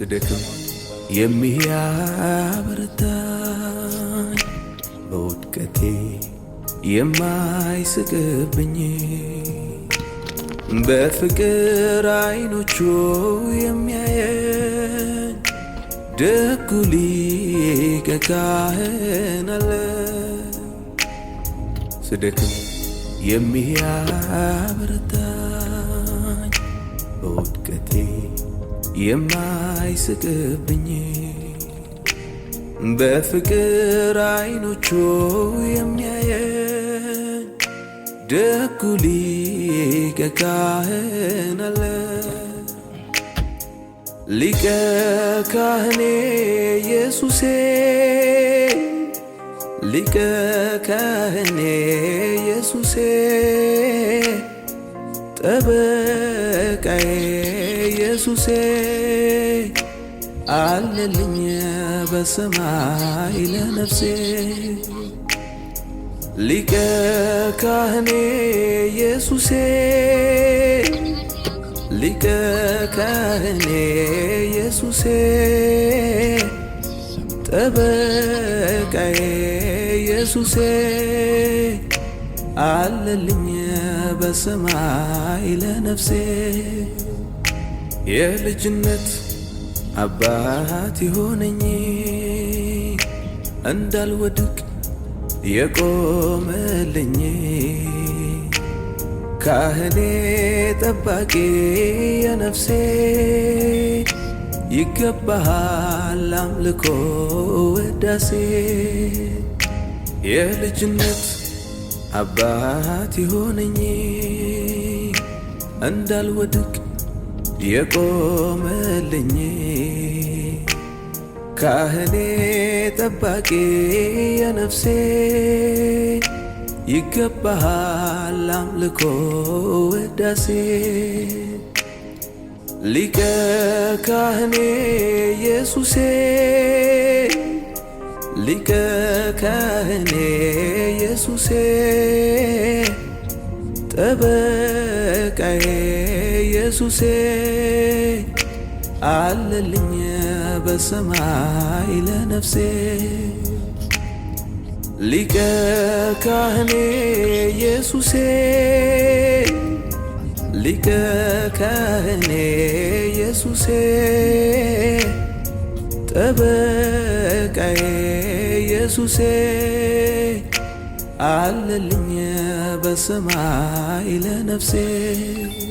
ስደክም የሚያበረታኝ በውድቀቴ የማይስቅብኝ በፍቅር አይኖቹ የሚያየኝ ደጉ ሊቀ ካህን አለ። ስደክም የሚያበረታኝ በውድቀቴ የማይስቅብኝ በፍቅር አይኖቹ የሚያየን ደጉ ሊቀ ካህን አለ። ሊቀ ካህኔ ኢየሱሴ ሊቀ ካህኔ ኢየሱሴ ጠበቃዬ ኢየሱሴ አለልኝ በሰማይ ለነፍሴ ሊቀ ካህኔ ኢየሱሴ ሊቀ ካህኔ ኢየሱሴ ጠበቃዬ ኢየሱሴ አለልኝ በሰማይ ለነፍሴ የልጅነት አባት የሆነኝ እንዳልወድቅ የቆመልኝ ካህኔ ጠባቂ የነፍሴ ይገባሃል አምልኮ ወዳሴ የልጅነት አባት የሆነኝ እንዳልወድቅ የቆመልኝ ካህኔ ጠባቂ የነፍሴ ይገባሃል አምልኮ ወዳሴ ሊቀ ካህኔ ኢየሱሴ ሊቀ ካህኔ ኢየሱሴ ጠበቃዬ ኢየሱሴ አለልኝ በሰማይ ለነፍሴ ሊቀ ካህኔ ኢየሱሴ ሊቀ ካህኔ ኢየሱሴ ጠበቃዬ ኢየሱሴ አለልኝ በሰማይ ለነፍሴ